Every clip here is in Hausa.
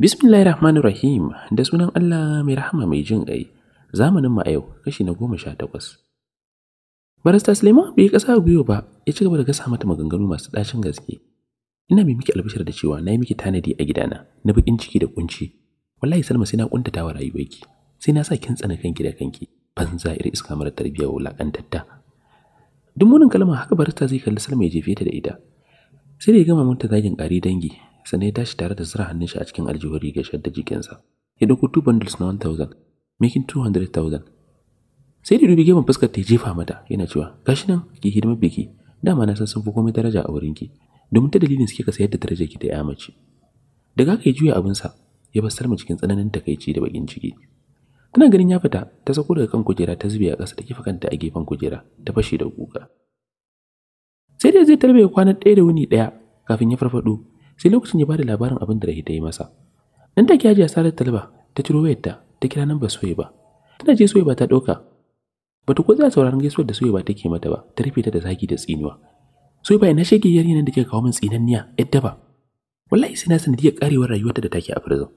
Bismillahirrahmanirrahim da sunan Allah mai rahama mai jin ƙai zamanin ma yau kashi na goma sha takwas. Barista Suleiman bai ƙasa gwiwa ba ya ci gaba da gasa mata maganganu masu ɗacin gaske. Ina mai miki albishir da cewa na yi miki tanadi a gidana na baƙin ciki da kunci. Wallahi Salma sai na ƙuntata wa rayuwarki sai na sa kin tsana kanki da kanki ban banza iri iska mara tarbiyya wulaƙantatta duk munin kalma haka barista zai kalli salma ya jefe ta da ita sai da ya gama mata zagin ƙari dangi sannan ya tashi tare da zura hannun shi a cikin aljihuri ga shadda jikinsa ya ɗauko two bundles na one thousand making two hundred thousand. sai da dubi gefen fuskar ta jefa mata yana cewa gashi nan ki hidimar biki dama na san sun fi komai daraja a wurin ki domin ta dalilin suke ka sayar da darajar ki da ya mace daga haka ya juya abinsa ya bar salma cikin tsananin takaici da bakin ciki tana ganin ya fita ta sako daga kan kujera ta zube a ƙasa ta kifa kanta a gefen kujera ta fashe da kuka sai dai zai tarbe kwana ɗaya da wuni ɗaya kafin ya farfaɗo sai lokacin ya bada labarin abin da rahita yi masa nan take hajiya da talba ta ciro wayarta ta kira nan ba ba tana je soye ba ta ɗauka bata ko za sauraron gaisuwar da soyayya take mata ba ta rufe ta da zaki da tsinuwa ba ina shege yarinyar da ke kawo min tsinanniya yadda ba wallahi sai na sanadiyar karewar rayuwarta da take a prison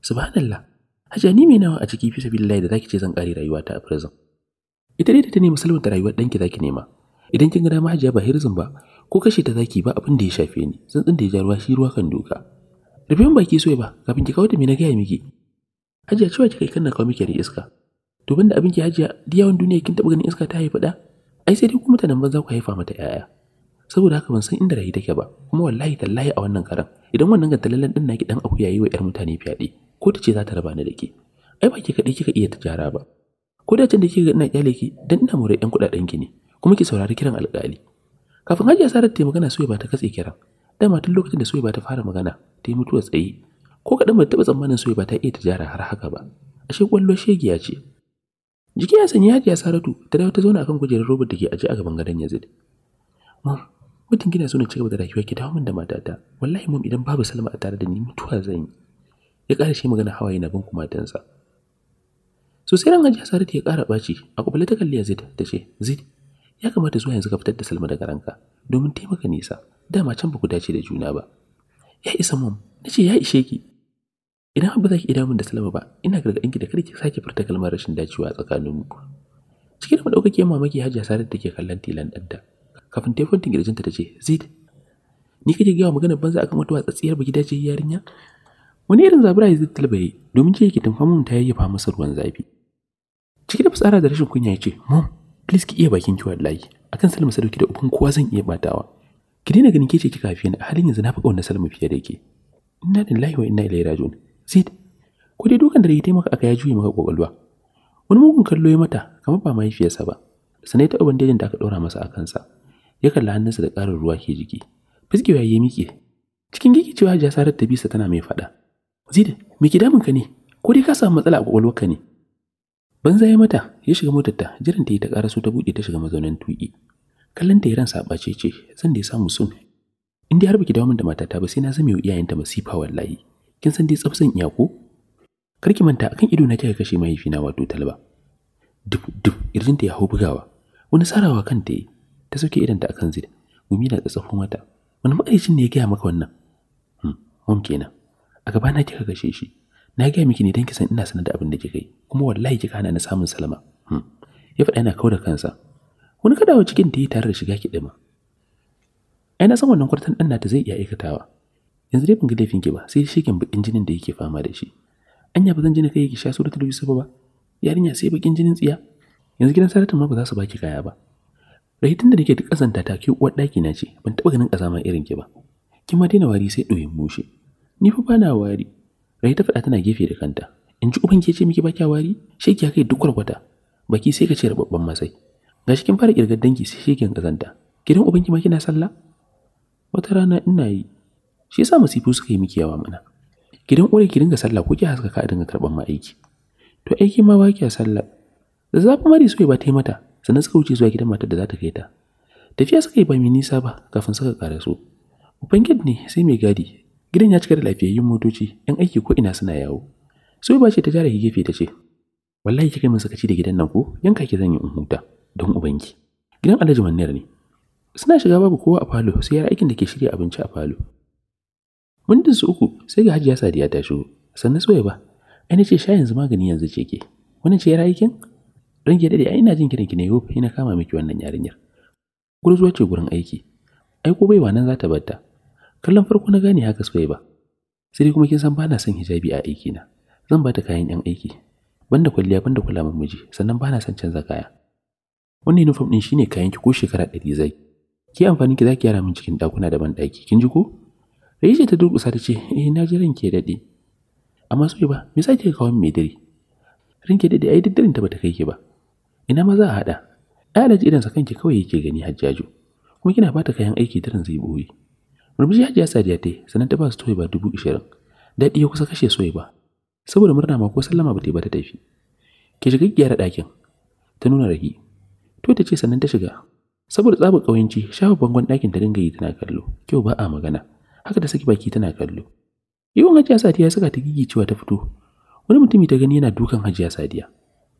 subhanallah Hajiya ni me nawa a ciki fi sabi da zaki ce zan kare rayuwata a prison. Ita dai da ta nemi salwanta rayuwar danki zaki nema. Idan kin ga dama Hajiya ba hirzin ba ko kashe ta zaki ba abin da ya shafe ni. zan tsinda ya ja ruwa shi ruwa kan doka. Rufe min baki soyayya ba kafin ki kawo ta me na gaya miki. Hajiya cewa kika kan na kawo miki da iska. To banda abin ki Hajiya diyawan duniya kin taba ganin iska ta haifa da? Ai sai dai ku mutanen banza ku haifa mata 'ya'ya. saboda haka ban san inda rayi take ba kuma wallahi tallahi a wannan karan idan wannan talallan din naki dan wa yar mutane fyaɗe ko ta ce za ta raba ni da ke ai ba ki kaɗai kika iya tijara ba ko da can da kika ga ina kyale ki dan ina mura yan kuɗaɗen ki ne kuma ki saurari kiran alƙali kafin hajiya sarar ta magana soyayya ba ta katse kiran dama tun lokacin da soyayya ba ta fara magana ta yi mutuwa tsaye ko kaɗan ba ta taɓa tsammanin soyayya ba ta iya tijara har haka ba ashe kwallo shegiya ce jiki ya sanya hajiya saratu ta dawo ta zauna akan kujerar robar da ke aje a gaban gadon yazid mom mutum gina so na cigaba da rayuwa ki dawo min da matata wallahi mom idan babu salma a tare da ni mutuwa zan yi ya ƙara shi magana hawaye na bin kumatansa so sai ran hajiya sarati ya ƙara ɓaci a kubule ta kalli zid ta ce zid ya kamata zuwa yanzu ka fitar da salma daga ranka domin taimaka nisa dama can ba ku dace da juna ba ya isa mum na ce ya ishe ki idan abu za ki idamun da salma ba ina gargaɗin ki da kada ki sake furta kalmar rashin dacewa a tsakaninmu cikin da madaukakiyar mamaki hajiya sarati take kallon tilan ɗanta kafin ta yi fantin ta ce zid ni kake gaya magana banza akan wata watsatsiyar baki dace yarinya wani irin zabura ya zai bai domin ce yake tamfa mun ta yayyafa masa ruwan zafi cike da fasara da rashin kunya ya ce mom please ki iya bakin ki wallahi akan salma sadauki da ubun kowa zan iya batawa ki daina ganin kece ki kafi a halin yanzu na fi kauna salma fiye da ke inna lillahi wa inna ilaihi raji'un zid ko dai dukan da ya taimaka aka ya juye maka kwakwalwa wani mugun kallo ya mata kamar ba mahaifiyarsa ba sanai ta bandejin da aka ɗora masa a kansa ya kalla hannunsa da karin ruwa ke jiki fiskewa ya yi miƙe cikin gigicewa hajiya sarar ta bisa tana mai faɗa Zid, me ke damun ka ne? Ko dai ka samu matsala a ka ne? Banza ya mata, ya shiga motar ta, jiran ta yi ta so ta buɗe ta shiga mazaunin tuƙi. Kallon ta ran saɓace ce, zan da ya samu sun. In dai har baki dawo min da matata ba sai na zame wa iyayenta masifa wallahi. Kin san dai tsafsan iya ko? Kar ki manta akan ido na kika kashe mahaifina wato talba. Duk duk ta ya hau bugawa. Wani sarawa ta yi, ta sauke ta akan zid. Gumi na tsatsafo mata. Wani ma'aikacin ne ya gaya maka wannan? Hmm, mom kenan. a gaba na kika gashe shi na gaya miki ne don ki san ina sanar da abin da kika yi kuma wallahi kika hana na samun salama hmm. ya faɗa yana kauda kansa wani kaɗawa cikin da yi tare da shiga dima ai na san wannan kwartan ɗan nata zai iya aikatawa yanzu dai ban ga laifin ki ba sai shikin bakin jinin da yake fama da shi anya ba zan ji kai ki sha da yusuf ba yarinya sai bakin jinin tsiya yanzu gidan saratan ma ba za su baki kaya ba rahitin da nake duk kazanta ta ki uwar daki na ce ban taba ganin kazama irin ki ba kin ma daina wari sai doyin mushe ni fa bana wari rai ta faɗa tana gefe da kanta in ji uban ke ce miki ba kya wari sheki ya kai duk kwata baki sai ka ce rababban masai gashi kin fara kirgar dangi sai shekin kazanta gidan ki ma kina sallah wata rana ina yi shi yasa masifu suka yi miki yawa mana gidan ure ki dinga sallah ko ki haska ka dinga karban ma aiki to aiki ma ba kya sallah da zafi mari so ba ta yi mata sannan suka wuce zuwa gidan matar da za ta kai ta tafiya suka yi ba mai nisa ba kafin suka karasu ubangiji ne sai mai gadi Gidan ya cika da lafiyayyun motoci, ‘yan aiki ko ina suna yawo. Sai ba ce ta jara gefe ta ce, Wallahi kika min sakaci da gidan nan ko yanka ki zan yi in huta don ubanki. Gidan Alhaji manner ne. Suna shiga babu kowa a falo sai yara aikin da ke shirya abinci a falo. Mundin su uku sai ga Hajiya Sadiya ta shigo. Sannan soya ba. Ai ce sha yanzu magani yanzu ce ke. Wannan ce yara aikin? ke dade ai ina jin kiran ki ne yau ina kama miki wannan yarinyar. Gurzuwa ce gurin aiki. Ai ko baiwa nan za ta bar ta. kallon farko na gane haka yi ba sai dai kuma kin san bana son hijabi a aiki na zan bata kayan yan aiki banda kwalliya banda kula mun miji sannan bana son canza kaya wannan uniform din shine kayan ki ko shekara 100 zai ki amfani ki zaki yara min cikin dakuna da ban daki kin ji ko Raisha ta durkusa ta ce eh na ji ranke dade amma suwaye ba me yasa ke kawo mai dare ranke dade ai daddarin ta bata kai ki ba ina ma za a hada ai alaji idan sa kanki kawai yake gani hajjaju kuma kina bata kayan aiki daren zai boye Murmushi Hajiya Sadiya ta yi sannan ta ba su toyi ba dubu ishirin. Daɗi ya kusa kashe soyi ba. Saboda murna ma ko sallama ba ta yi ba ta tafi. Ke shiga gyara ɗakin. Ta nuna rahi. To ta ce sannan ta shiga. Saboda tsaba ƙauyenci shafa bangon ɗakin ta dinga yi tana kallo. Kyau ba a magana. Haka da saki baki tana kallo. Yawan Hajiya Sadiya ya saka ta gigi cewa ta fito. Wani mutumi ta gani yana dukan Hajiya Sadiya.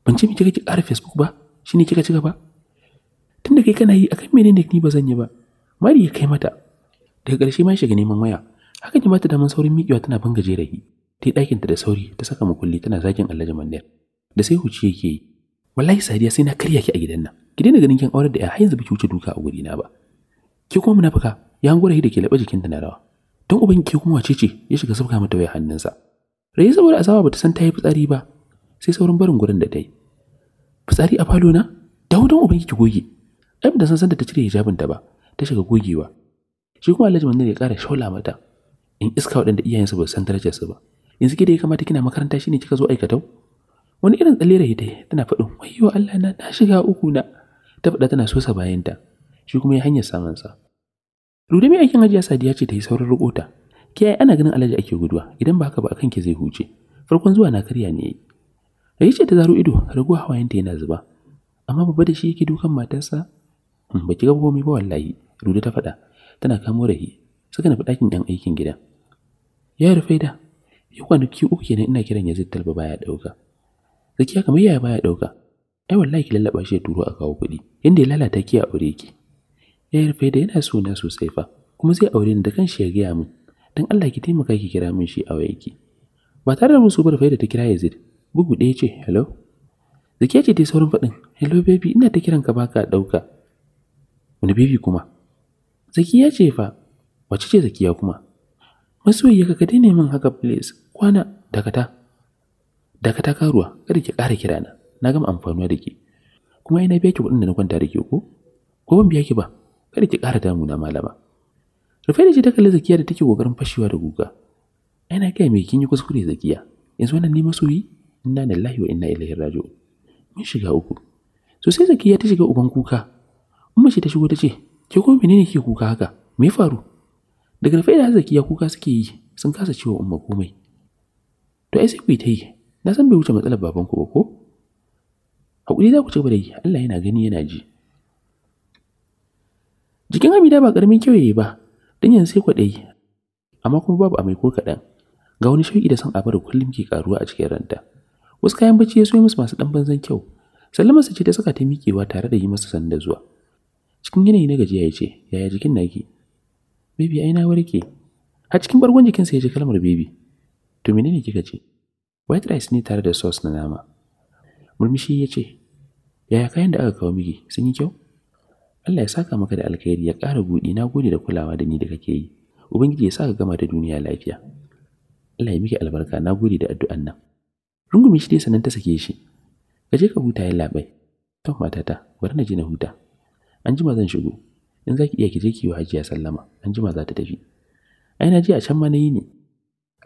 Ban ce miki kake ƙara Facebook ba? Shine kika ci gaba? Tunda kai kana yi akan menene ni ba zan yi ba? Mari ya kai mata. daga ƙarshe ma shiga neman waya hakan ya bata daman saurin miƙewa tana bangaje rahi ta yi ɗakinta da sauri ta saka makulli tana zagin alhaji mandir da sai huci yake yi wallahi sadiya sai na karya ki a gidan nan ki daina ganin kin aurar da ya har yanzu biki wuce duka a guri ba ki kuma munafuka ya hangura da ke laɓa jikinta na rawa don uban ki kuma wace ce ya shiga sabga mata waya hannunsa rai saboda asaba bata san ta yi fitsari ba sai saurin barin gurin da ta yi fitsari a falo na dawo don uban ki goge ai da san san da ta cire hijabin ba ta shiga gogewa shi kuma alhaji manir ya ƙara shola mata in iska waɗanda iyayensu ba san darajarsu ba yanzu ke da ya kamata kina makaranta shine kika zo aikatau wani irin tsalera ita tana faɗin wayyo Allah na na shiga uku na ta faɗa tana sosa bayanta shi kuma ya hanyar samun sa rudi mai aikin hajiya Sadiya ce ta yi saurin rukota kiyaye ana ganin alhaji ake guduwa idan ba haka ba akan ki zai huce farkon zuwa na karya ne yayi ce ta zaro ido raguwa hawayenta yana zuba amma babba da shi yake dukan matarsa hmm, ba ki ga komai ba wallahi rudi ta faɗa tana kamo rahi suka nufi ɗakin ɗan aikin gidan ya rufe da ya kwanaki uku kenan ina kiran yazid talba baya ɗauka zakiya kamar yaya baya ɗauka ai wallahi ki lallaba shi ya turo a kawo kuɗi yanda ya lalata ki a aure ki ya rufe da yana so na sosai fa kuma zai aure ni da kanshi ya gaya min dan Allah ki taimaka ki kira min shi a ki ba tare da mun su ta kira Yazid bugu ɗaya ce hello Zakiya ce ta saurin faɗin hello baby ina ta kiran ka baka ɗauka wani baby kuma Zakiya ce fa, wace ce Zakiya kuma? Masoyi ka ne min haka please, kwana dakata. Dakata karuwa, kada ki ƙara kirana, na gama amfanuwa da ke. Kuma ina biya ki kuɗin da na kwanta da ke ko? Ko ban biya ki ba, kada ki damu na malama. Rufai da ce ta kalli Zakiya da take kokarin fashewa da guga. Ina kai mai kin yi kuskure Zakiya? Yanzu wannan ni masoyi? Inna lillahi wa inna ilaihi raji'un. Mun shiga uku. Sosai Zakiya ta shiga uban kuka. Umma ce ta shigo ta ce, Ke kuma menene ke kuka haka? Me faru? Daga rufe da zaki ya kuka suke yi sun kasa cewa umma komai. To ai sai ku ta yi. Na san bai wuce matsalar babanku ba ko? Hakuri za ku ci gaba da yi. Allah yana gani yana ji. Jikin Hamida ba ƙaramin kyauye ba. Dan yanzu sai kwaɗayi. Amma kuma babu mai ko kaɗan. Ga wani shauƙi da san abar kullum ke karuwa a cikin ranta. Wasu kayan bacci ya so musu masu ɗan banzan kyau. Sallama su ce ta saka ta miƙewa tare da yi masa sanda zuwa. cikin yanayi na gajiya ya ce yaya jikin na naki bebi ai na warke a cikin bargon jikinsa ya ji kalmar bebi to menene kika ce white rice ne tare da sauce na nama murmushi ya ce yaya kayan da aka kawo miki sun yi kyau Allah ya saka maka da alkhairi ya ƙara buɗi na gode da kulawa da ni da kake yi ubangiji ya saka gama da duniya lafiya Allah ya miki albarka na gode da addu'an nan rungumi shi dai sanan ta sake shi ka je ka huta ya labai to matata bari na je na huta an jima zan shigo in zaki iya ki je ki yi hajiya sallama an jima za ta tafi ai na ji a can ma yi ne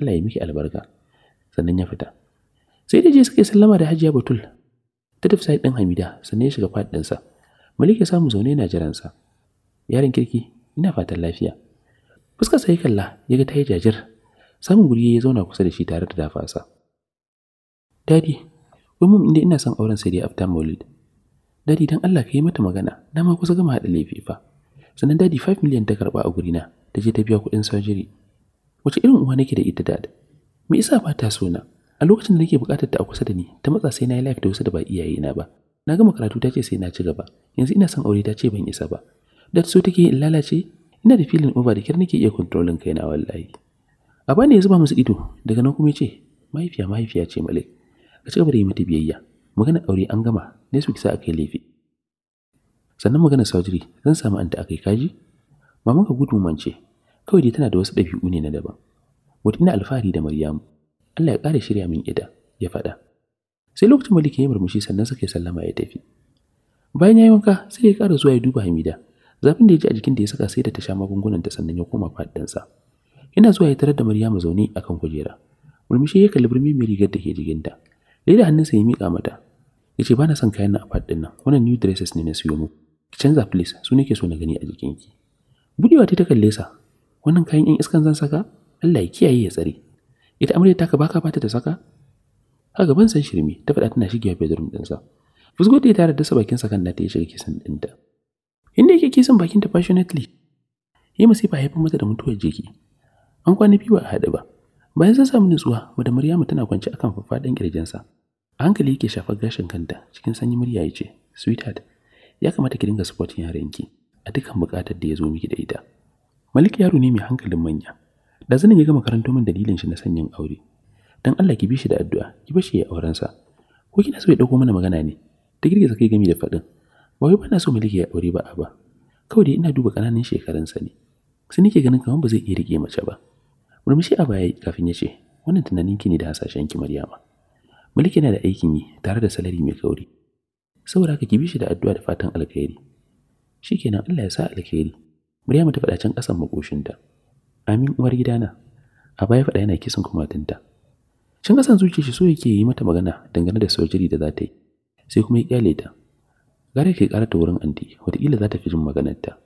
Allah ya miki albarka sannan ya fita sai da je suka yi sallama da hajiya batul ta tafi sai ɗin hamida sannan ya shiga faɗinsa malik ya samu zaune yana jiransa yaron kirki ina fatan lafiya fuskar ya kalla ya ga ta yi jajir samun guri ya zauna kusa da shi tare da dafasa dadi rumum inda ina son auren sai dai afta maulid dadi dan Allah ka yi mata magana na ma kusa gama haɗa laifi fa sannan dadi 5 miliyan ta karɓa a guri na, ta je ta biya kuɗin sojiri wace irin uwa nake da ita dad me isa ba ta so na a lokacin da nake buƙatar ta a kusa da ni ta matsa sai na yi laifi da wasu da ba iyaye na ba na gama karatu ta ce sai na ci gaba yanzu ina son aure ta ce ban isa ba dad so take in lalace ina da filin over da kyar nake iya controlling na, wallahi a bani ya zuba musu ido daga nan kuma ya ce mahaifiya mahaifiya ce malik ka ci gaba da yi mata biyayya magana aure an gama ne su kisa yi laifi sannan magana surgery zan samu anta akai kaji mamanka gudu mance kawai dai tana da wasu ɗabi'u ne na daban wato ina alfahari da maryamu Allah ya ƙara shirya min ida ya faɗa sai lokacin maliki ya murmushi sannan suka yi sallama ya tafi bayan ya yi wanka sai ya kara zuwa ya duba hamida zafin da ya ji a jikin da ya saka sai da ta sha magungunan ta sannan ya koma faɗinsa yana zuwa ya tarar da maryamu zaune akan kujera murmushi ya kalli birni mai rigar da ke jikinta da hannunsa ya miƙa mata. Ya ce ba na son kayan na a faɗin nan, wannan new dresses ne na siyo mu. Ki canza please, su nake so na gani a jikinki. Budewa ta kalle sa. Wannan kayan 'yan iskan zan saka? Allah ya kiyaye ya tsare. Ita amarya taka baka bata ta saka? Haka ban san shirme, ta faɗa tana shigewa bedroom ɗinsa. Fusgo ta tare da sa bakin sa kan ta ya shiga kisan ɗinta. Inda yake kisan bakin ta passionately. Yi masifa haifin mata da mutuwar jiki. An kwana biyu ba a haɗu ba. bayan sun samu nutsuwa wadda maryamu tana kwance akan dan kirjinsa a hankali yake shafar gashin kanta cikin sanyi murya ya ce sweetheart ya kamata ki dinga supporting yaranki a dukkan buƙatar da ya zo miki da ita malik yaro ne mai hankalin manya da zanin ya gama karanto min dalilin shi na sanyin aure dan Allah ki bi shi da addu'a ki bashi ya auren sa ko kina so ya dauko mana magana ne ta girgiza kai gami da faɗin. ba wai bana so Maliki ya aure ba a ba kawai dai ina duba kananan shekarunsa ne sai nake ganin kamar ba zai iya rike mace ba Murmushi a baya kafin ya ce, wannan tunanin ki ne da hasashen ki Maryama. Mulki na da aikin yi tare da salari mai kauri. Saboda ka kibi shi da addu'a da fatan alkhairi. Shikenan Allah ya sa alkhairi. Maryama ta faɗa can ƙasan makoshinta. Amin uwar gidana. A baya faɗa yana kisan kumatinta. Can ƙasan zuci shi so yake yi mata magana dangane da sojiri da za ta yi. Sai kuma ya kyale ta. Gara ke ƙara ta wurin anti, wataƙila za ta fi jin maganarta.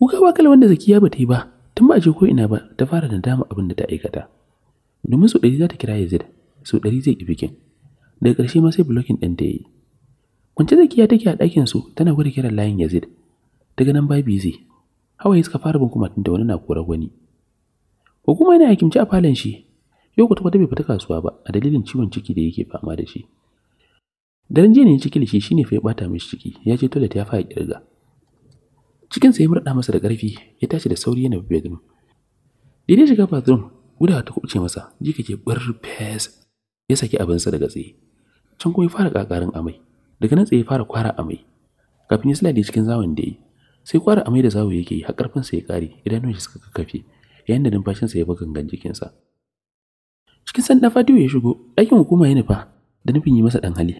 Kuka ba kala wanda zakiya ba ta yi ba, tun ba a je ko ina ba ta fara dama abin da ta aikata domin sau ɗari za ta kira yazid sau ɗari zai ƙi bikin daga ƙarshe ma sai blocking ɗin ta yi zaki ya take a ɗakin su tana gwada kiran layin yazid daga nan babi zai hawaye suka fara bin kuma da wani na kora wani hukuma yana hakimci a falon shi yau ku tabbata bai fita kasuwa ba a dalilin ciwon ciki da yake fama da shi daren jiya ne ciki da shi shine fa ya bata mishi ciki ya ce toilet ya fara kirga Cikinsa ya murda masa da ƙarfi ya tashi da sauri yana bedroom. Daidai shiga bathroom gudawa ta kuɓce masa jika ke fes ya saki abin sa daga tsaye. Can kuma ya fara kakarin amai daga nan tsaye ya fara kwara amai kafin ya slide cikin zawon da yi sai kwara amai da zawo yake yi har ƙarfinsa ya ƙare idanun suka kakkafe yayin da numfashin sa ya buga gangan jikinsa. Cikin sanda Fadiyo ya shigo ɗakin hukuma ya nufa da nufin yi masa dan hali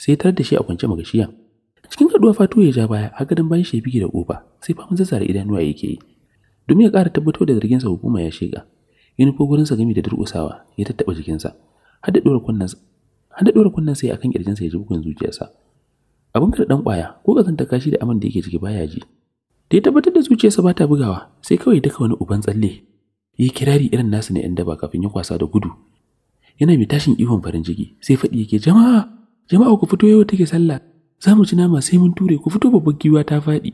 sai ya tarar da shi a kwance magashiyan cikin gaduwa fatu ya ja baya a gadon bayan shi bige da goba sai faman zazzara idanuwa yake yi domin ya ƙara tabbatar da zargin sa hukuma ya shiga yana ko gurin sa gami da durƙusawa ya tattaba jikinsa har da dora kunnan har da dora kunnan sai akan sa ya ji bugun zuciyarsa abin kada dan kwaya ko kazanta kashi da aman da yake ciki baya ji da ya tabbatar da zuciyarsa ba ta bugawa sai kawai duka wani uban tsalle yi kirari irin nasu na 'yan daba kafin ya kwasa da gudu yana mai tashin ihun farin ciki sai faɗi yake jama'a jama'a ku fito yau take sallah za mu ci nama sai mun ture ku fito babbar giwa ta faɗi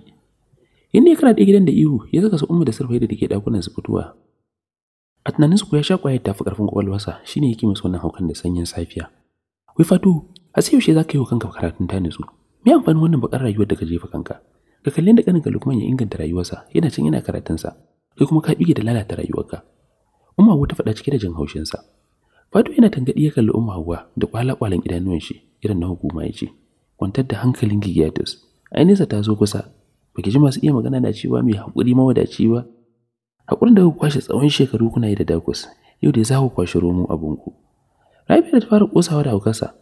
ne ya da gidan da ihu ya saka su umma da sarfai da take ɗakunan su fitowa a tunanin su ya sha ta tafi ƙarfin ƙwaƙwalwarsa shine yake musu wannan haukan da sanyin safiya wai fatu a sai yaushe za ka yi wa kanka karatun ta nutsu me amfanin wannan bakar rayuwar da ka jefa kanka ka kalli da kaninka lukman ya inganta rayuwarsa yana cin yana karatunsa kai kuma ka bige da lalata rayuwarka umma ta faɗa cike da jin haushinsa fatu yana tangaɗi ya kalli umma hawa da kwala-kwalan idanuwan shi irin na hukuma ya ce kwantar da hankalin A ai nesa ta zo kusa baki ji masu iya magana na cewa mai haƙuri mawadaci ba haƙurin da kuka kwashe tsawon shekaru kuna yi da dakus yau da za ku kwashe romo a bunku da ta fara kosawa da haukarsa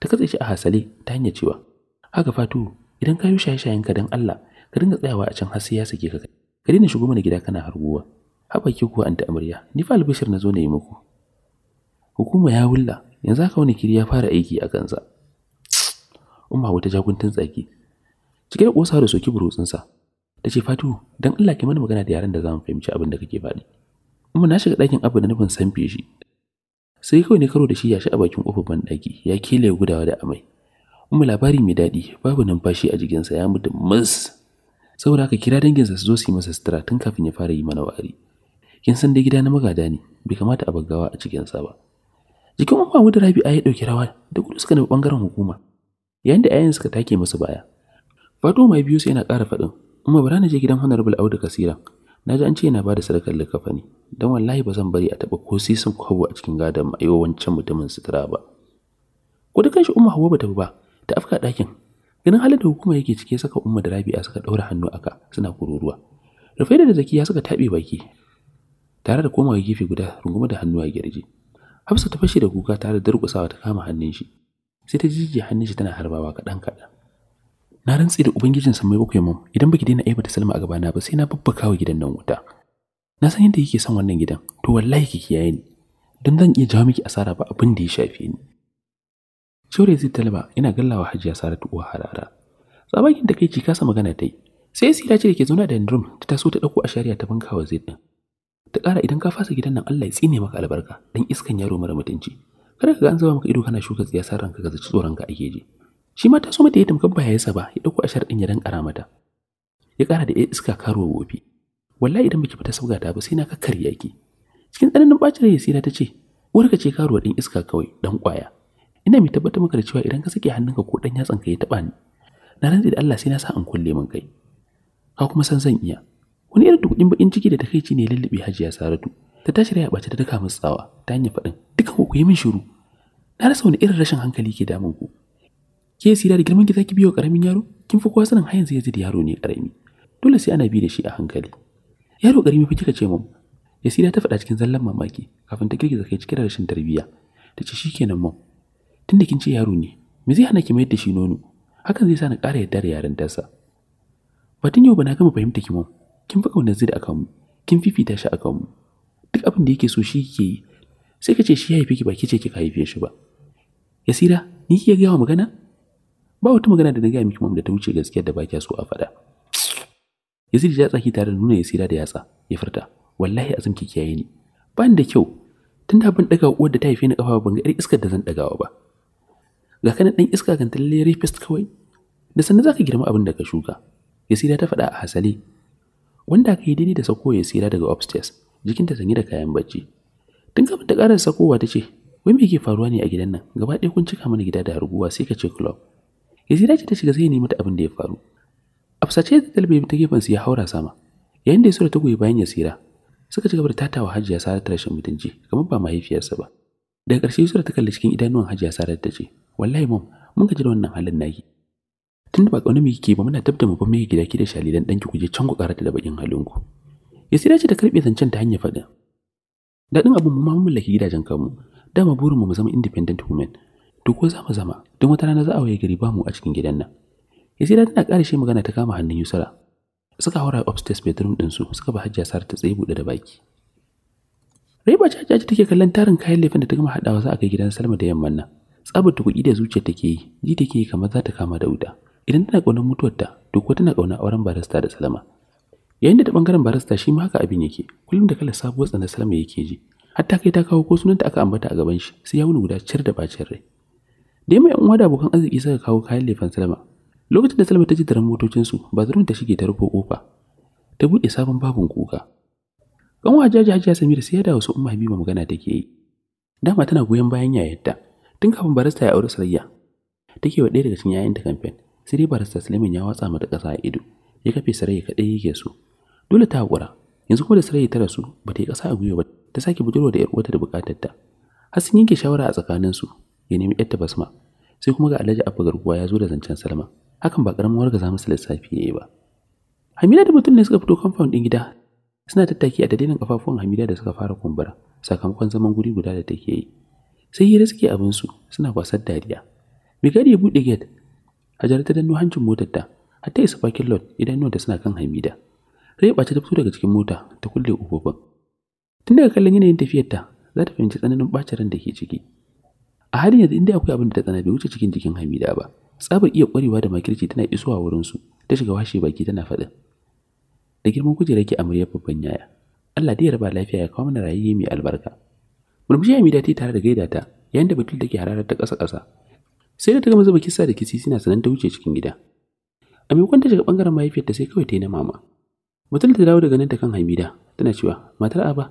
ta katse shi a hasale ta hanyar cewa haka fatu idan ka yi shaye-shayen ka don allah ka dinga tsayawa a can har sai ya sake ka ka daina shigo mana gida kana harguwa haba ki kuwa anta amarya ni fa albishir na zo na yi muku hukuma ya wulla yanzu haka wani kiri ya fara aiki a kansa umma wata jaguntun tsaki cike da kosa da soki burutsinsa ta ce fatu dan Allah ki mana magana da yaran da zamu fahimci abin da kake faɗi umma na shiga ɗakin abu da nufin san shi sai kawai ne karo da shi ya shi a bakin kofar ban ɗaki ya kele gudawa da amai umma labari mai daɗi babu numfashi a jikinsa ya mutu mus saboda aka kira danginsa su zo su yi masa sutura tun kafin ya fara yi mana wari kin san dai gida na magada ne bai kamata a baggawa a cikinsa ba jikin umma da rabi'a ya ɗauki rawa da gudu suka nufi ɓangaren hukuma yayin da suka take musu baya fato mai biyu sai yana ƙara faɗin umma bara na je gidan honorable audu kasiran na ji an ce yana ba da sadakar likafa ne don wallahi ba zan bari a taɓa ko sisin kwabo a cikin gadon ma'aiwa wancan mutumin sutura ba ko da kanshi umma hawa ba ta ba ta afka dakin ganin halin da hukuma yake cike saka umma da rabi'a suka ɗaura hannu aka suna kururuwa rufai da ya suka taɓe baki tare da komawa gefe guda rungume da hannu a girji hafsa ta fashe da kuka tare da durƙusawa ta kama hannun shi sai ta jijji hannun shi tana harbawa kaɗan kaɗan na rantse da ubangijin mai bakwai mun idan baki daina aibata salma a gabana ba sai na babbaka wa gidan nan wuta na san yadda kike son wannan gidan to wallahi ki kiyaye ni don zan iya jawo miki asara ba abin da ya shafe ni shore zai talaba yana gallawa hajiya saratu uwa harara tsabakin da kai ci kasa magana ta yi sai sira ce da ke zauna da drum ta taso ta ɗauko a shari'a ta bankawa zai ɗin ta ƙara idan ka fasa gidan nan Allah ya tsine maka albarka dan iskan yaro mara mutunci kada ka ga an zama maka ido kana shuka san ranka ka zaci tsoron ka ake ji shi mata ta so mata ya tamkar ba ya ba ya dauko ashar din ya dan kara mata ya kara da iska karuwa wofi wallahi idan baki fita sabga ta ba sai na kakkarya yaki cikin tsananin bacin rai sai ta ce ka ce karuwa din iska kawai dan kwaya ina mai tabbatar maka da cewa idan ka sake hannunka ko dan yatsan ka ya taba ni na rantsi da Allah sai na sa an kulle min kai ka kuma san zan iya wani irin tukudin bakin ciki da takeici ne lallabe hajiya saratu ta tashi raya bace ta daka musu tsawa ta hanyar faɗin dukan ku yi min shiru na rasa wani irin rashin hankali ke damun ku ke sira da girman ki zaki biyo karamin yaro kin fi kowa sanin hayan zai da yaro ne karami dole sai ana bi da shi a hankali yaro karami fa kika ce mun yasira ta faɗa cikin zallan mamaki kafin ta girgiza kai cikin rashin tarbiyya ta ce shikenan mun tunda kin ce yaro ne me zai hana ki mayar da shi nono hakan zai sa ni ƙara yarda da yaran batun yau ba na gama fahimta ki mun kin fi ƙaunar zai da akan mu kin Fita shi akan mu duk abin da yake so shi ke yi sai ka ce shi ya haife ki ba ki ce kika haife shi ba yasira ni kike gaya wa magana ba wata magana da na gaya miki mamda da ta wuce gaskiya da ba so a faɗa yasir ya tsaki tare da nuna yasira da yatsa ya furta wallahi azum ki kiyaye ni ba ni da kyau tun da ban daga uwar da ta haife ni kafa ban ga yar iskar da zan dagawa ba ga kana dan iska kan talle rapist kawai da sanin zaka girma abin da ka shuka yasira ta faɗa a hasale wanda aka yi daidai da sako ya tsira daga upstairs jikinta sanye da kayan bacci tun kafin ta karar sakowa ta ce wai me ke faruwa ne a gidan nan gaba ɗaya kun cika mana gida da harguwa sai ka ce club tsira ce ta shiga zai nemi ta abin da ya faru afsace da talbe ta gefen su ya haura sama yayin da ya sura ta goyi bayan ya tsira, suka ci gaba da tatawa hajiya sara ta rashin mutunci kamar ba mahaifiyarsa ba daga ƙarshe sura ta kalli cikin idanuwan hajiya sara ta ce wallahi mom mun gaji da wannan halin naki tunda ba kauna miki ba muna tabda mu ba mai gida ki da shalilan danki kuje can ku karata da bakin halinku ya sai dace ta karbe zancen ta hanyar faɗin din abun mu ma mun mallaki gidajen kanmu dama burin mu mu zama independent women to ko za mu zama don wata rana za a waye gari ba mu a cikin gidan nan ya sai tana ƙara shi magana ta kama hannun Yusra suka haura upstairs bedroom su suka ba hajjia sar ta tsaye buɗe da baki Reba ta take kallon tarin kayan laifin da ta gama haɗawa za a kai gidan Salma da yamman nan tsabar tukuki da zuciyar take yi ji take kamar za ta kama da wuta idan tana ƙaunar mutuwarta to kuwa tana ƙaunar auren barista da salama yayin da ta bangaren barista shi ma haka abin yake kullum da kalar sabuwar tsanar salama yake ji hatta kai ta kawo ko sunanta aka ambata a gaban shi sai ya wuni guda cir da bacin rai da mai 'yan da abokan arziki suka kawo kayan lefan salama lokacin da salama ta ji daren motocinsu ba zarun ta shige ta rufe kofa ta buɗe sabon babin kuka kan jaji hajiya samira sai ya dawo su umma habiba magana take yi dama tana goyon bayan yayarta tun kafin barista ya aure sarayya take wa ɗaya daga cikin yayanta kamfen sai da barista ya watsa mata ƙasa a ido ya kafe sarai kaɗai yake so dole ta haƙura yanzu kuma da sarai ta rasu ba ta yi ƙasa a gwiwa ba ta sake budurwa da 'yar uwarta da ta har sun yanke shawara a tsakaninsu ya nemi ƴar basma sai kuma ga alhaji abba garkuwa ya zo da zancen salma hakan ba ƙaramin wargaza musu lissafi ya yi ba hamida da mutum ne suka fito kamfan ɗin gida suna tattaki a dadinin ƙafafuwan hamida da suka fara kumbura sakamakon zaman guri guda da take yi sai hira suke abinsu suna kwasar dariya mai gari ya buɗe gate Hajara ta danno hancin motar ta har ta isa parking lot idan nuna suna kan Hamida. Reba ta fito daga cikin mota ta kulle kofofin. Tun daga kallon yanayin tafiyar ta za ta fahimci tsananin bacin ran da ke ciki. A halin yanzu inda akwai abin da ta tsana bai wuce cikin jikin Hamida ba. Tsabar iya kwarewa da makirci tana isowa wurin su ta shiga washe baki tana faɗin. Da girman kujera ke amaryar babban yaya. Allah dai ya raba lafiya ya kawo mana rayuwa mai albarka. Murmushi Hamida ta tare da gaida ta yayin da Batul take hararar ta ƙasa-ƙasa sai da ta gama zuba kisa da kisi suna sanan ta wuce cikin gida a maimakon ta shiga bangaren mahaifiyarta sai kawai ta yi na mama mutum ta dawo daga nan ta kan hamida tana cewa matar aba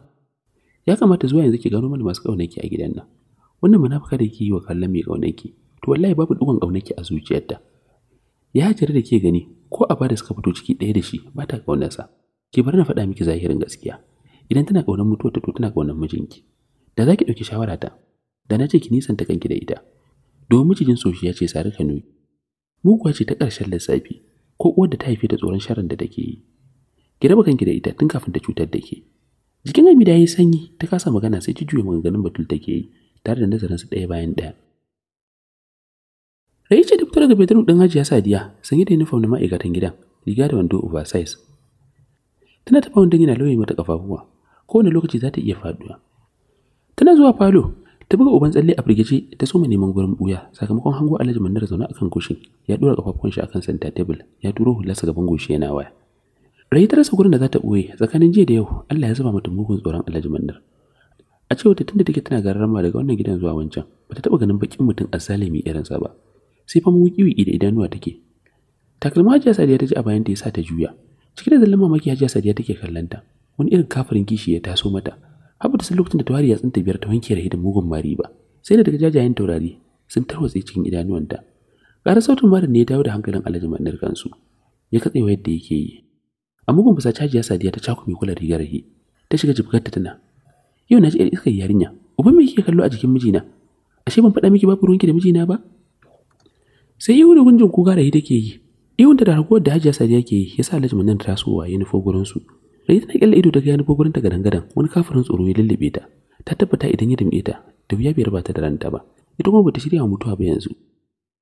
ya kamata zuwa yanzu ki gano mana masu kaunaki a gidan nan wannan munafuka da ke yi wa kallon mai kaunaki to wallahi babu dukkan kaunaki a zuciyarta ya hajjira da ke gani ko a ba da suka fito ciki ɗaya da shi ba ta ƙaunarsa. ki bar na faɗa miki zahirin gaskiya idan tana kaunar mutuwar ta to tana kaunar mijinki da za ki ɗauki shawara ta da na ce ki nisanta kanki da ita domin mijijin soshiya ce sari kanoi muguwa ce ta ƙarshen lissafi ko uwar da ta haife da tsoron sharan da take yi ki raba kanki da ita tun kafin ta cutar da ke jikin amida ya yi sanyi ta kasa magana sai ta juya maganganun batul take yi tare da nazarin su ɗaya bayan ɗaya Rai ce da fitar daga bedroom ɗin Hajiya Sadiya sanye da uniform na ma'aikatan gidan riga da wando oversize tana tafa wanda yana lauyi mata ƙafafuwa kowane lokaci za ta iya faduwa tana zuwa falo ta buga uban tsalle a firgice ta soma neman gurin buya sakamakon hango alhaji mannar zaune akan goshin ya dora kafafuwan shi akan santa tebul ya turo hularsa gaban gushi yana waya rai ta rasa gurin da za ta ɓoye tsakanin jiya da yau Allah ya zuba mata mugun tsoron alhaji mannar a cewa ta tunda take tana gararama daga wannan gidan zuwa wancan ba ta taɓa ganin bakin mutum a zalimi irin sa ba sai fa wuki wiki da idanuwa take takalma hajiya sadiya ta ji a bayan ta ya sa ta juya cikin da zallan mamaki hajiya sadiya take kallon ta wani irin kafirin kishi ya taso mata Habu da sun lokacin da tawari ya tsinta biyar ta wanke rahi da mugun mari ba. Sai da daga jajayen taurari sun tarwatse cikin idanuwanta. Ƙara sautin marin ne ya dawo da hankalin Alhaji Mandar kansu. Ya katse wa yadda yake yi. A mugun fusa cajiya Sadiya ta mai kula rigar rahi. Ta shiga jibgarta tana. Yau na ji yar iskar yarinya. Uban me yake kallo a jikin mijina? Ashe ban faɗa miki babu ruwanki da mijina ba? Sai yi da gunjin kuka rahi take yi. iwunta da ragowar da Hajiya Sadiya ke yi ya sa Alhaji Mandar tasowa ya nufo gurinsu. su. Rais na kalle ido daga ya nufo gurin ta gadan wani kafirin tsoro ya lullube ta. Ta tabbata idan ya dumbe ta, da wuya bai raba ta da ranta ba. Ita kuma bata shirya mutuwa ba yanzu.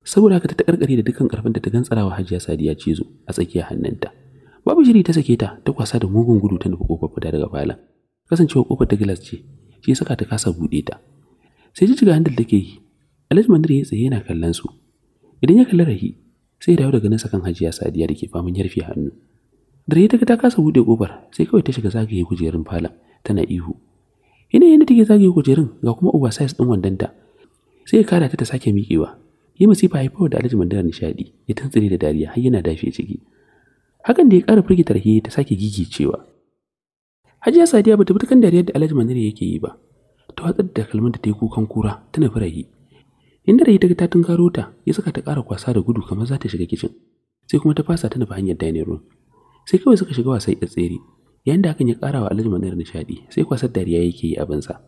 Saboda haka ta karkare da dukkan karfin da ta gantsarawa Hajiya Sadiya cizo a tsakiyar hannunta. Babu shiri ta sake ta, ta kwasa da mugun gudu ta nufi kofar fita daga falon. Kasancewa kofar ta gilas ce, shi ya saka ta kasa buɗe ta. Sai ga handal take yi. Alhaji Mandir ya tsaye yana kallon su. Idan ya kalli Rahi, sai ya dawo daga nan sakan Hajiya Sadiya da ke faman yarfi hannu. Dare ta ga ta kasa buɗe ƙofar sai kawai ta shiga zagaye kujerun falon tana ihu. ina da take zagaye kujerun ga kuma uwa size ɗin ta sai ya kara ta ta sake mikewa Yi masifa haifawa da Alhaji Mandara nishaɗi ya tantsire da dariya har yana dafe ciki. Hakan da ya kara firgita tarhi ta sake gigi cewa Hajiya Sadiya bata bi ta kan dariyar da Alhaji Mandara yake yi ba. Ta watsar da kalmanta ta yi kukan kura tana firayi. Inda rahi ta ga ta tunkaro ta ya saka ta kara kwasa da gudu kamar za ta shiga kicin. Sai kuma ta fasa ta hanyar dining room. sai kawai suka shiga wasan tsere yayin da hakan ya ƙara wa alhaji manar nishaɗi sai kwasar dariya yake yi banza.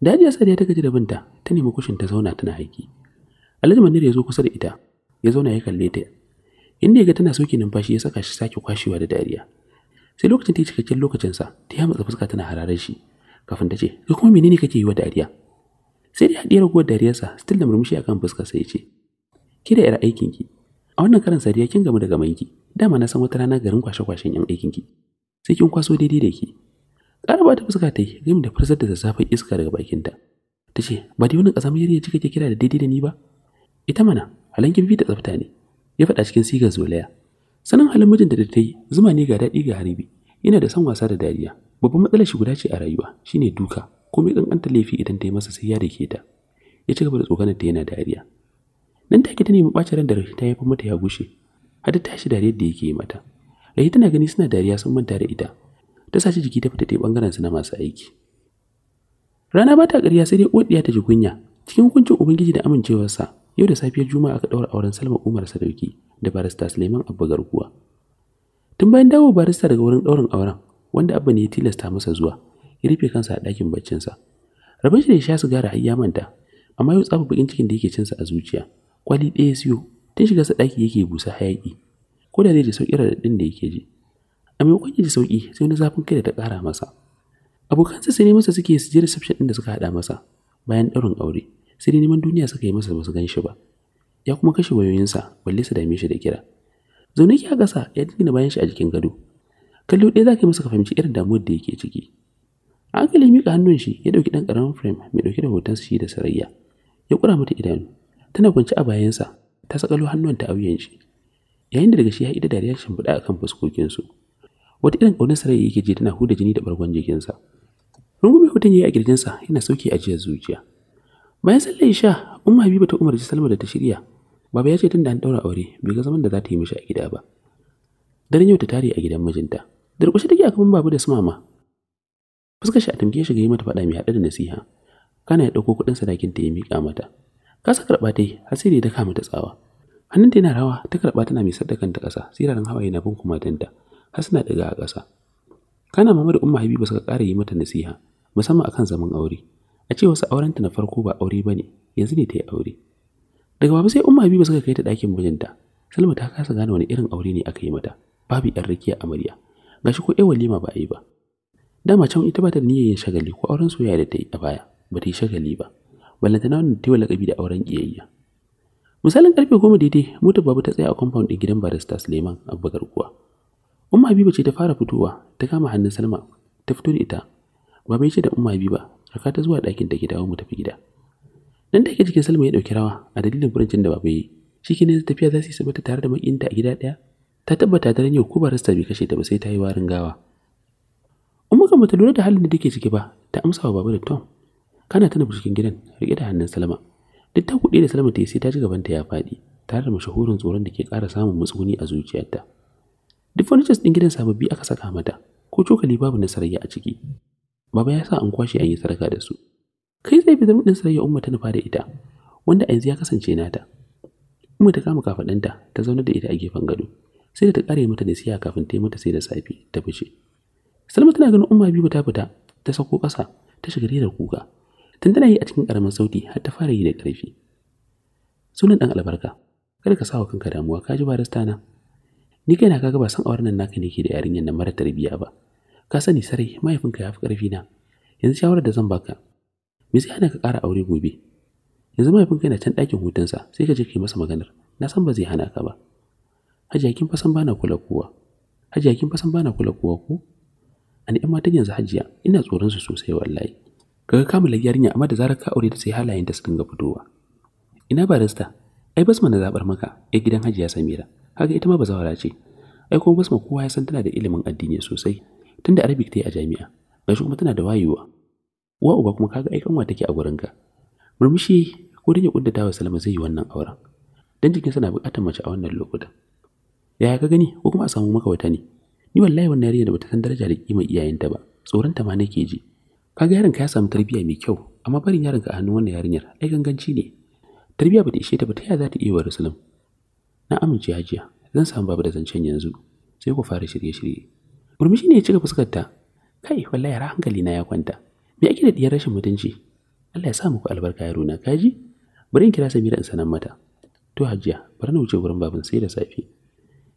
daji asad ya ta gaji da binta ta nemi kushin ta zauna tana haiki alhaji manar ya zo kusa da ita ya zauna ya kalle ta inda ya ga tana soke numfashi ya saka shi sake kwashewa da dariya sai lokacin ta yi cikakken lokacinsa ta matsa fuska tana hararar shi kafin ta ce ko kuma menene kake yi wa dariya sai dai hadiyar ragowar dariyarsa still da murmushi akan sai ya ce. ki da yar aikin ki a wannan karan sadiya kin gamu da gamanki dama na san wata rana garin kwashe-kwashen yan aikin ki sai kin kwaso daidai da ki ƙaraba ta fuska ta yi rim da fursar da zazzafin iska daga bakinta ta ce ba dai wani ƙazamiyar ya ke kira da daidai da ni ba ita mana halankin fi da tsafta ne ya faɗa cikin sigar zolaya sanin halin mijinta da ta yi zuma ne ga daɗi ga haribi yana da son wasa da dariya babban matsalar shi guda ce a rayuwa shine duka ko komai kankanta laifi idan ta yi masa sai ya da ke ta ya ci gaba da tsokanar ta yana dariya nan take ta nemi ɓacin ran da ta haifar mata ya gushe har ta tashi dariyar da yake yi mata rahi tana gani suna dariya sun manta da ita ta sace jiki ta fita ta bangaren su na masu aiki rana ba ta ƙarya sai dai odiya ta ji kunya cikin hukuncin ubangiji da amincewarsa yau da safiyar juma'a aka daura auren salma umar sadauki da barista suleiman abba garkuwa tun bayan dawo barista daga wurin daurin auren wanda abba ne ya tilasta masa zuwa ya rufe kansa a ɗakin baccinsa rabin shi da ya sha sigara har ya manta amma yau tsafa bakin cikin da yake cinsa a zuciya kwali ɗaya ya siyo tun shigarsa ɗaki yake busa hayaki. ko da zai ji sauƙi raɗaɗin da yake ji a maimakon ya ji sauƙi sai wani zafin kai da ta ƙara masa Abokan abokansa sai masa suke su je reception ɗin da suka haɗa masa bayan ɗaurin aure sai dai neman duniya suka yi masa ba su gan shi ba ya kuma kashe wayoyinsa balle su dame shi da kira zaune ki a ƙasa ya dingina bayan shi a jikin gado kallo ɗaya za ka yi masa ka fahimci irin damuwar da yake ciki a hankali miƙa hannun shi ya ɗauki ɗan ƙaramin frame mai ɗauke da hoton shi da sarayya ya ƙura mata idanu tana kwance a bayansa ta sakalo hannun ta auyen shi yayin da daga shi ya ida dariyar shimfiɗa a kan fuskokinsu wata irin ƙaunar sarai yake ji tana huda jini da bargon jikinsa rungume hutun ya yi a ƙirjinsa yana sauke ajiyar zuciya bayan sallar isha umma habiba ta umarci salma da ta shirya baba ya ce tunda an ɗaura aure bai ga zaman da za ta yi mishi a gida ba daren yau ta tare a gidan mijinta durƙushe take a kaman babu da su mama fuskar shi a tamke shi ga yi mata faɗa mai haɗe da nasiha kana ya ɗauko kuɗin sadakin ta ya miƙa mata kasa karɓa ta yi har sai da ta kama ta tsawa hannunta yana rawa ta karɓa tana mai sadakan ta ƙasa siraran hawaye na bin danta har suna ɗaga a ƙasa kana mama da umma habiba suka ƙara yi mata nasiha musamman akan zaman aure a ce wasu aurenta na farko ba aure ba ne yanzu ne ta yi aure daga babu sai umma habiba suka kai ta ɗakin mijinta salma ta kasa gane wani irin aure ne aka yi mata babu yan rakiya amarya gashi ko ɗaya walima ba a yi ba dama can ita ba ta da niyyar yin shagali ko auren soyayya da ta yi a baya ba ta yi shagali ba na wannan ta lakabi da auren kiyayya misalin karfe goma daidai motar babu ta tsaya a compound din gidan barista suleiman abubakar kuwa umma habiba ce ta fara fitowa ta kama hannun salma ta fito da ita baba ce da umma habiba raka ta zuwa ɗakin da ke dawo mu tafi gida nan da ke jikin salma ya ɗauki rawa a dalilin furincin da baba yi shi ne tafiya za su yi sabata tare da makinta a gida ɗaya ta tabbata da yau ko barista bai kashe ta ba sai ta yi warin gawa umma kan bata lura da halin da take ciki ba ta amsa wa baba da tom kana tana cikin gidan rike da hannun salama duk ta kuɗe da salama ta yi sai ta ji gabanta ya faɗi tare da mashahurin tsoron da ke ƙara samun matsuguni a zuciyarta duk furnitures ɗin gidan sababbi aka saka mata ko cokali babu na sarayya a ciki baba ya sa an kwashe an yi saraka da su kai tsaye bi ɗin sarayya umma ta nufa da ita wanda a yanzu ya kasance nata umma ta kama kafaɗanta ta zauna da ita a gefen gado sai da ta ƙare mata da siya kafin ta yi mata sai da safe ta fice salma tana ganin umma biyu ta fita ta sako ƙasa ta shiga da kuka tun tana yi a cikin ƙaramin sauti har ta fara yi da ƙarfi sunan ɗan albarka kada ka sawa kanka damuwa ka ji barista na ni kaina kaga ba san auren nan naka ne ke da yarinyar na mara tarbiyya ba ka sani sarai mahaifinka ya fi ƙarfi na yanzu shawarar da zan baka me zai hana ka ƙara aure gobe yanzu mahaifinka yana can ɗakin hutunsa sai ka je kai masa maganar na san ba zai hana ka ba hajiya kin fasan bana kula kowa hajiya kin fasan bana kula kowa ko an yan matan yanzu hajiya ina tsoron su sosai wallahi Ka kaga kamala yarinya amma da zarar ka aure ta sai halayen ta su dinga fitowa ina barista ai basma na zabar maka ai gidan hajiya samira kaga ita ma bazawara ce ai kuma basma kowa ya san tana da ilimin addini sosai tunda arabic ta yi a jami'a shi kuma tana da wayewa uwa uba kuma kaga ai kanwa take a gurin ka. murmushi ko dan ya kuddata wa salama zai yi wannan auren dan sa na bukatar mace a wannan lokutan yaya ka gani ko kuma a samu maka wata ne ni wallahi wannan yarinya da bata san daraja da kima iyayenta ba tsoron ta ma nake ji ka ga yaronka ya samu tarbiyya mai kyau amma barin yaron ka a hannun wannan yarinyar ai ganganci ne tarbiyya bata ishe ta ba ta yaya za ta iya wa Rasulun na amince hajiya zan samu babu da zancen yanzu sai ku fara shirye-shirye murmushi ne ya cika fuskar ta kai wallahi hankali na ya kwanta me ake da diyar rashin mutunci Allah ya sa muku albarka yaro na kaji bari in kira Samira in sanar mata to hajiya bari na wuce gurin baban sai da safe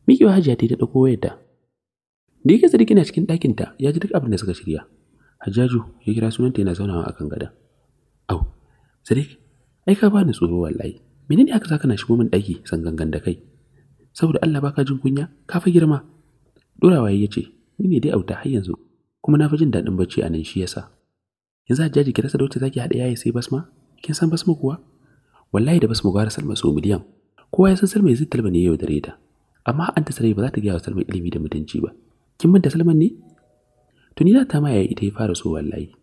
Mikiwa hajiya ta yi ta ɗauko wayarta. Da yake sadiki na cikin ɗakinta ya ji duk abin da suka shirya, Hajjaju ya kira sunanta yana zaunawa kan gadon. Au, Sadiq, ai ka bani tsoro wallahi. ne aka saka na shigo min ɗaki sangangan da kai? Saboda Allah baka jin kunya, ka fa girma. Dorawa ya ce, ni ne dai auta har yanzu, kuma na fi jin daɗin bacci a nan shi yasa. Yanzu Hajjaji kira sa da wacce zaki haɗa yayi sai basma? Kin san basma kuwa? Wallahi da basma gwara Salma so miliyan. Kowa ya san Salma yanzu talba ne yau dare ta. Amma an ta sarai ba za ta gaya wa Salma ilimi da mutunci ba. Kin manta Salman ne? tuni na ta maye ita ya fara so wallahi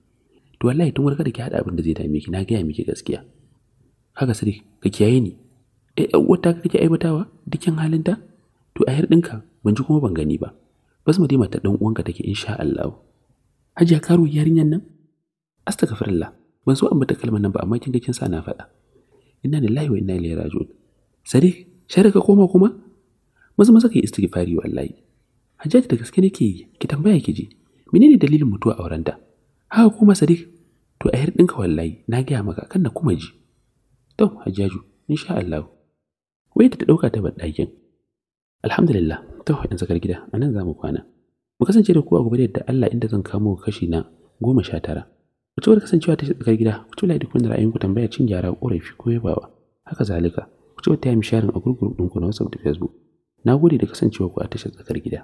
to wallahi tun warka da ki hada abin da zai dame ki na gaya miki gaskiya haka sadiq ka kiyaye ni eh wata ka kake aibatawa dukin halinta to a yar dinka ban ji kuma ban gani ba bas mu dima ta dan uwanka take insha Allah hajiya karu yarinyan nan astaghfirullah ban so an bata kalman nan ba amma kin ga kin sa na faɗa inna lillahi wa inna ilaihi raji'un sadiq share ka koma kuma maza maza kai istighfari wallahi hajjati da gaske nake yi ki tambaya ki je menene dalilin mutuwa a ta haka kuma sadiq to a ka wallahi na gaya maka kan na kuma ji to hajjaju insha Allah wai ta ɗauka ta baɗakin alhamdulillah to in gida anan zamu za mu kwana mu kasance da ku a gobe da Allah inda zan kamo kashi na goma sha tara ku ci kasancewa ta tsakar gida ku ci da kun da ra'ayinku tambaya cin gyara korafi ko yabawa haka zalika ku ci ta yi misharin a gurgurun ɗinku na WhatsApp da Facebook na gode da kasancewa ku a tashar tsakar gida